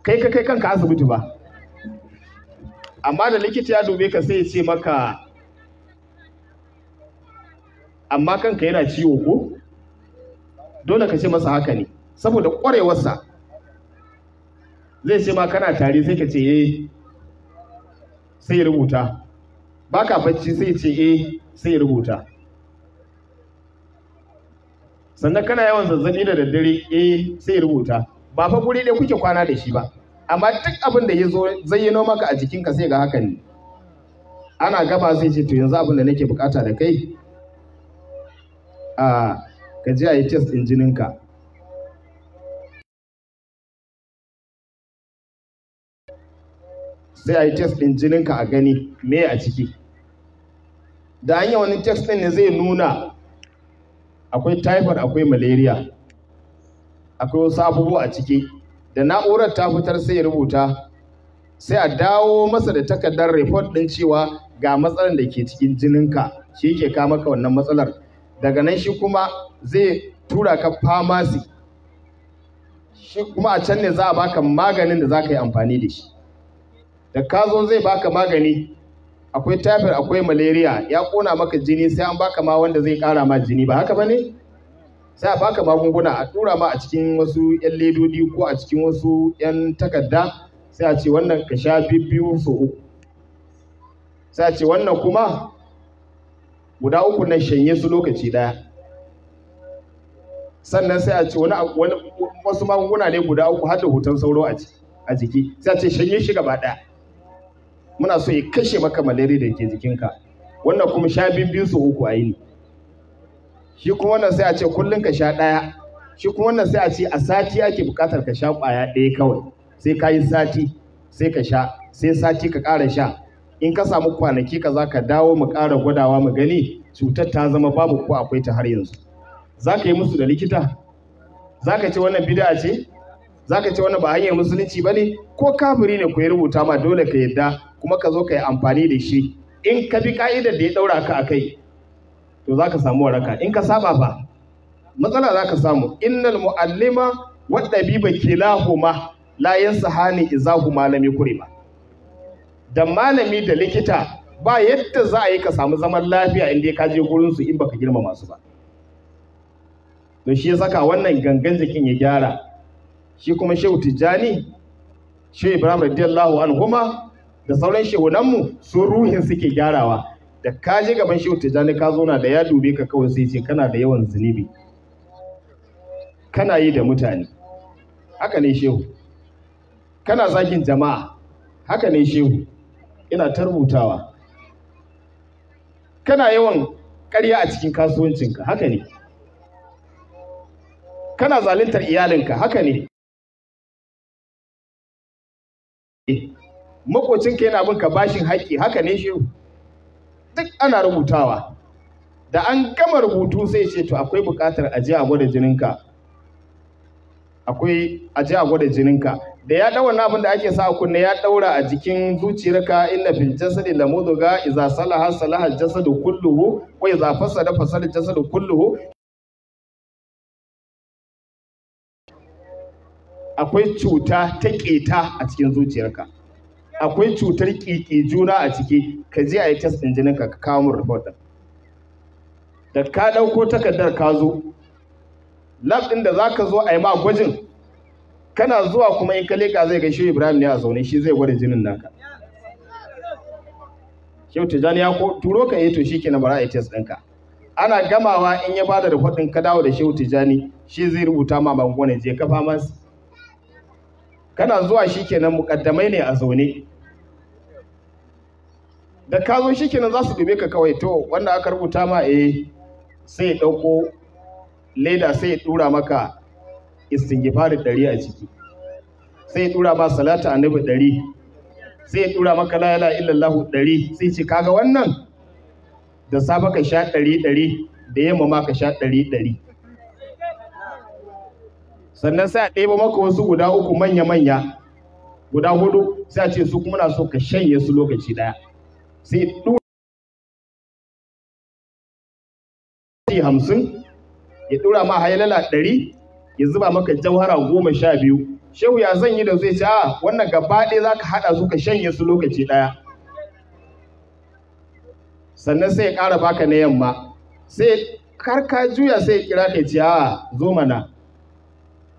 kai ka kai kanka asibiti ba amma da likita ya dube ka sai ya ce maka amma kanka yana ciwo ko dole ka ce masa haka ne saboda ƙwarewarsa zai ce ma kana tare sai ka ce eh sai rubuta ba ka bacci sai ce eh sai rubuta sannan kana yawan zazzabi da daddare eh sai rubuta ba fa guri ne kuke kwana da shi ba amma duk abin da ya zo zayyano maka a jikinka sai ga haka ne ana gaba sai ce to yanzu abin da nake bukata da kai ah, ka je a yi test ɗin jininka sai a yi test jininka a gani me a ciki da hanyar wani test ɗin ne zai nuna akwai typhoid akwai malaria akwai wasu abubuwa a ciki da na'urar ta fitar sai ya rubuta sai a dawo masa da takardar report ɗin cewa ga matsalar da ke cikin jininka shi ke kama ka wannan matsalar daga nan shi kuma zai tura ka famasi shi kuma a can ne za a baka maganin da za ka yi amfani da shi da ka zo zai baka magani akwai typhoid akwai malaria ya kona maka jini sai an baka ma wanda zai kara ma jini ba haka bane sai a baka magunguna a tura ma a cikin wasu yan ledodi ko a cikin wasu yan takarda sai a ce wannan ka sha bibbiyu so uku sai a ce wannan kuma guda uku na shanye su lokaci daya sannan sai a ce wani wasu magunguna ne guda uku har da hoton sauro a jiki sai a ce shanye shi gaba ɗaya muna so ya kashe maka malari da ke jikinka wannan kuma sha biyu su uku a yini shi kuma wannan sai a ce kullum ka sha ɗaya shi kuma wannan sai a ce a sati ake bukatar ka sha kwaya ɗaya kawai sai ka yi sati sai ka sha sai sati ka kara sha in ka samu kwanaki ka za ka dawo mu kara gwadawa mu gani cutar ta zama babu ko akwai ta har yanzu za ka yi musu da likita za ka ce wannan bid'a ce za ka ce wannan ba hanyar musulunci ba ne ko kafiri ne ku ya rubuta ma dole ka yadda kuma ka zo ka yi amfani da shi in ka bi ka'idar da ya ɗaura ka a kai to za ka samu waraka in ka saba ba matsala za ka samu innal mu'allima wa ke lahuma la yansahani izahu malami kure ba. da malami da likita ba yadda za a yi ka samu zaman lafiya inda ka je gurinsu in baka girmama su ba to shi ya saka wannan gangan jikin ya gyara shi kuma shehu tijjani shehu ibrahim radiyallahu anhuma da sauran shehunanmu su ruhin suke gyarawa da ka je gaban shehu tijjani ka zo na da ya dube ka kawai sai ce kana da yawan zunubi kana yi da mutane haka ne shehu kana zagin jama'a haka ne shehu ina ta rubutawa kana yawan ƙarya a cikin kasuwancinka haka ne kana zaluntar iyalinka haka ne makocinka yana binka bashin haƙƙi haka ne shi duk ana rubutawa da an gama rubutu sai ce to akwai buƙatar aje a gwada jininka akwai aje a gwada jininka da ya ɗau wani abin da ake sa a kunne ya ɗaura a jikin zuciyarka inna fil jasadi la iza salaha salaha jasadu kulluhu wa iza fasada fasada jasadu kulluhu akwai cuta ta ƙeta a cikin zuciyarka akwai cutar ƙiƙi juna a ciki ka je a yi test ɗin jinin ka kawo mu report ɗin da ka ɗauko takardar ka zo lab ɗin da za ka zo a yi ma gwajin kana zuwa kuma in ka leƙa zai gaishe Ibrahim ne a zaune shi zai gwada jinin naka Shehu Tijjani ya ko turo ka yi eh to shi na bara a yi test ɗinka ana gamawa in ya bada report ɗin ka dawo da Shehu Tijjani shi zai rubuta ma magungunan je ka famas kana zuwa shikenan mukaddamai ne a zaune da ka zo shikenan za su dube ka kawai to wanda aka rubuta ma eh sai ya ɗauko leda sai ya ɗura maka istighfar ɗari a ciki sai ya ɗura ma salata annabi ɗari sai ya ɗura maka la ilaha illallah ɗari sai ce kaga wannan da safe ka sha ɗari ɗari da yamma ma ka sha ɗari ɗari sannan sai a ɗebo maka wasu guda uku manya-manya guda hudu sai a ce su kuma na so ka shanye su lokaci ɗaya sai ɗura hamsin ya ɗura ma hayalala ɗari ya zuba maka jauhara goma sha biyu shehu ya zan yi da zai ce a ah, wannan gaba ɗaya za ka haɗa su ka shanye su lokaci ɗaya sannan sai ya ƙara baka na yamma sai kar ka juya sai ya kira ka ce a ah, zo mana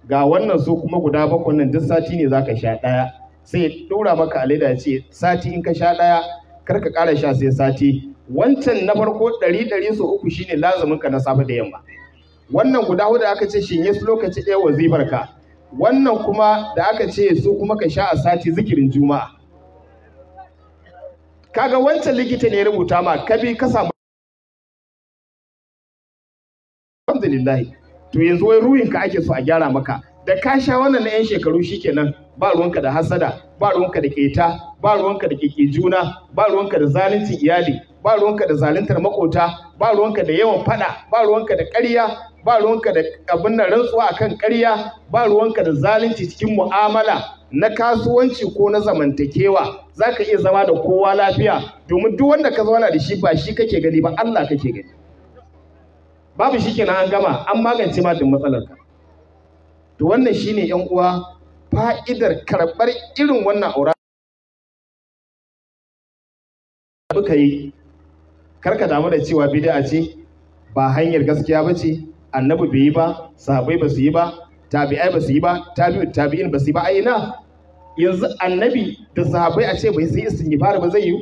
ga wannan su kuma guda bakwai nan duk sati ne zaka sha ɗaya sai ya ɗora maka a ya ce sati in ka sha ɗaya kar ka ƙara sha sai sati wancan na farko ɗari ɗari su uku shine lazumin ka na safe da yamma wannan guda hudu aka ce shin su lokaci ɗaya wazibar ka wannan kuma da aka ce su kuma ka sha a sati zikirin juma'a kaga wancan likita ne ya rubuta ma kabi ka samu alhamdulillah to yanzu wai ruhin ka ake so a gyara maka da ka sha wannan na 'yan shekaru shikenan ba ruwanka da hasada ba ruwanka da keta ba ruwanka da keke juna ba ruwanka da zalunci iyali ba ruwanka da zaluntar makota ba ruwanka da yawan fada ba ruwanka da ƙarya ba ruwanka da abin nan rantsuwa akan ƙarya ba ruwanka da zalunci cikin mu'amala na kasuwanci ko na zamantakewa zaka iya zama da kowa lafiya domin duk wanda ka zauna da shi ba shi kake gani ba Allah kake gani babu shi kenan an gama an magance ma duk matsalar ka to wannan shine yan uwa fa'idar karɓar irin wannan aura buka yi karka damu da cewa bid'a ce ba hanyar gaskiya ba ce annabi bai yi ba sahabbai ba su yi ba tabi'ai ba su yi ba tabi'u tabi'in ba su yi ba a ina yanzu annabi da sahabbai a ce bai sai istighfar ba zai yi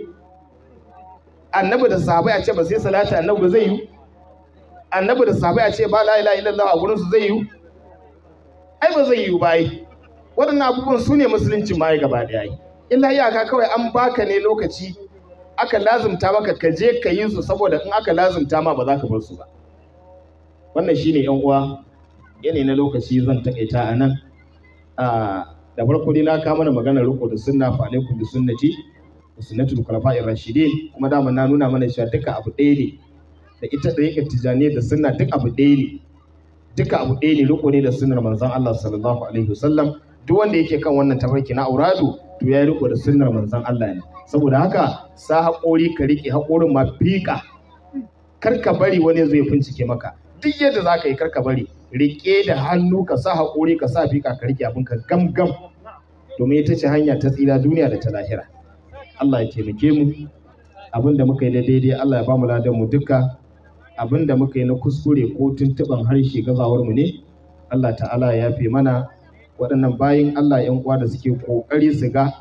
annabi da sahabbai a ce ba sai salati annabi ba zai yi annabi da sahabai a ce ba la ilaha illallah a su zai yiwu ai ba zai yiwu ba ai waɗannan abubuwan su ne Musulunci, ma gaba ɗaya illa iyaka kawai an baka ne lokaci aka lazumta maka ka je ka yi su saboda in aka lazumta ma ba za ka bar su ba wannan shine yan uwa yanayi na lokaci zan takaita a nan da farko dai na kama da magana riko da sunna fa alaikum bi sunnati wa sunnatul khulafa'ir rashidin kuma da na nuna mana cewa duka abu ɗaya ne da ita yake tijani da sunna duk abu ɗaya ne duka abu ɗaya ne riko ne da sunnar manzon Allah sallallahu alaihi wasallam duk wanda yake kan wannan tafarki na auratu, to ya riko da sunnar manzon Allah ne saboda haka sa haƙori ka riƙe haƙorin ma fiƙa kar ka bari wani zai bincike maka duk yadda za ka yi kar ka bari riƙe da hannu ka sa haƙori ka sa fiƙa ka riƙe abinka gam gam domin ita ce hanya ta tsira duniya da ta lahira Allah ya taimake mu abinda muka yi daidai Allah ya ba mu ladan mu duka abin da muka yi na kuskure ko tuntuɓin harshe mu ne Allah ta'ala ya fi mana waɗannan bayin Allah ‘yan uwa da suke ƙoƙari su ga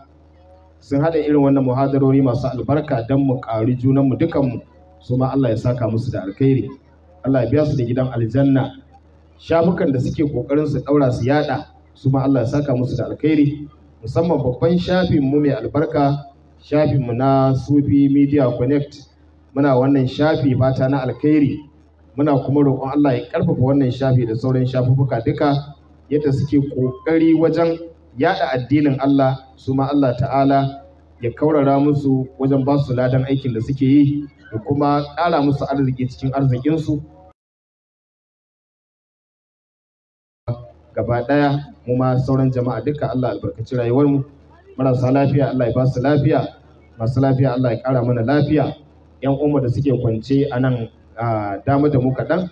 sun haɗa irin wannan muhadarori masu albarka don mu ƙari junanmu dukanmu su ma Allah ya saka musu da alkhairi Allah ya biya su da gidan aljanna shafukan da suke ƙoƙarin su ɗaura su yaɗa su ma Allah ya saka musu da alkhairi musamman babban shafin mu mai albarka shafinmu na Sufi Media Connect muna wannan shafi fata na alkhairi muna kuma roƙon Allah ya ƙarfafa wannan shafi da sauran shafuffuka duka yadda suke ƙoƙari wajen yaɗa addinin Allah su ma Allah ta'ala ya kaurara musu wajen ba su ladan aikin da suke yi da kuma ƙara musu arziki cikin arzikinsu gaba ɗaya mu ma sauran jama'a duka Allah albarkaci rayuwarmu marasa lafiya Allah ya ba su lafiya masu lafiya Allah ya ƙara mana lafiya yan Umar da suke kwance a nan damar da mu kaɗan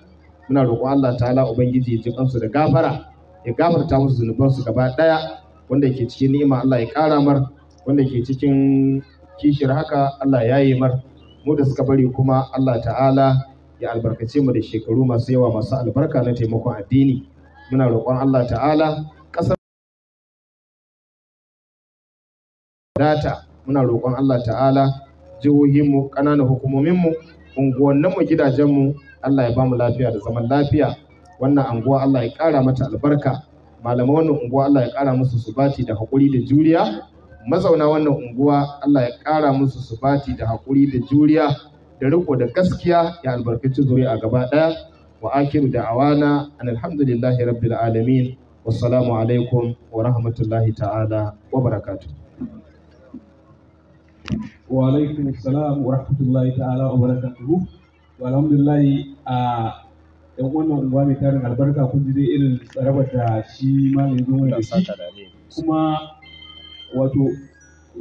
muna roƙon Allah ta'ala ubangiji ya ji kansu da gafara ya gafarta musu zunubansu gaba ɗaya wanda ke cikin ni'ima Allah ya ƙara mar wanda ke cikin kishir haka Allah ya yi mar mu da suka bari kuma Allah ta'ala ya albarkace mu da shekaru masu yawa masu albarka na taimakon addini muna roƙon Allah ta'ala ƙasar data muna roƙon Allah ta'ala jihohinmu ƙananan hukumominmu unguwanninmu gidajenmu Allah ya ba mu lafiya da zaman lafiya wannan anguwa Allah ya ƙara mata albarka malaman wannan unguwa Allah ya ƙara musu subati da haƙuri da juriya mazauna wannan unguwa Allah ya ƙara musu subati da haƙuri da juriya da riko da gaskiya ya albarkaci a gaba ɗaya wa akiru da awana an alhamdulillahi rabbil alamin wassalamu alaikum wa rahmatullahi ta'ala wa barakatuh wa alaikum salam wa rahmatullahi ta'ala wa barakatuhu wa alhamdulillahi a yan wannan unguwa mai tarin albarka kun ji dai irin tsarabar da shi ne, zuwa da shi kuma wato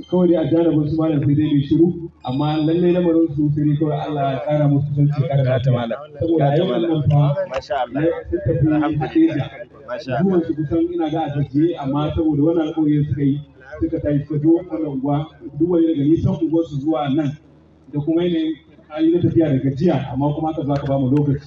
kawai dai a jarabin su malam sai dai mai shiru amma lallai lamarin su sai dai kawai Allah ya kara musu san shi kara da malam saboda yau wannan fa masha Allah sun tafi alhamdulillah masha Allah su kusan ina ga a amma saboda wannan alƙawari suka yi suka tayi suka duk wannan unguwa duk wani daga nisan unguwarsu su zuwa nan da kuma yanayin yi na tafiya da gajiya amma kuma haka za ka ba mu lokaci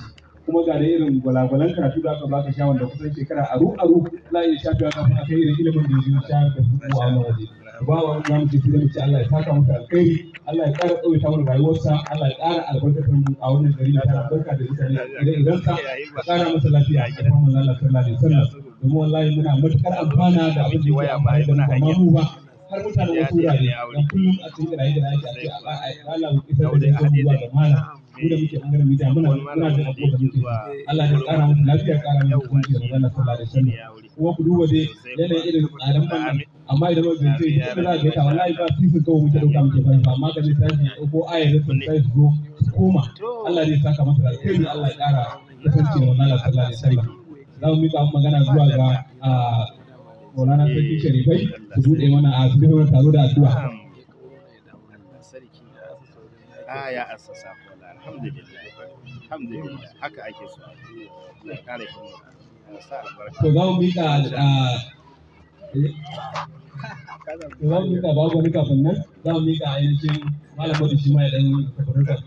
kuma ga da irin gwalagwalan karatu da aka ba ka sha wanda kusan shekara aru aru za a iya shafi kafin a kai irin ilimin da ya shafewa ka su a wannan waje ba wa za mu ce da mu ce Allah ya saka maka alkhairi Allah ya ƙara ta mana rayuwarsa Allah ya ƙara albarkatar mu a wannan gari ta albarka da mutane idan idan sa ƙara masa lafiya a kuma wani Allah sallallahu alaihi wasallam domin wallahi muna matukar amfana da abin da waya baya muna hanya ba har mutanen wasu wurare da kullum a cikin rayu da nake a ce a Allah mu kisa da zuwa da mana mu da muke bangaren mita muna muna da abu da muke Allah ya kara mu lafiya kara mu kunci da wannan sallah da sunna kuma ku duba dai yanayin irin tsadan ban amma idan ba zai ce da za ta wallahi ba fifi kawai muke dauka muke bari amma ka zai tashi ko ayar da sun sai zo koma Allah zai saka masa alheri Allah ya kara kasance da wannan za mu miƙa magana zuwa ga Maulana Sarki Sharifai su buɗe mana a cikin taro da addu'a. Ah, ya assasa alhamdulillah alhamdulillah haka ake so kare to za mu mika eh, za mu mika babu wani kafin nan za mu mika ainihin malamar shi ma ya dan tafarin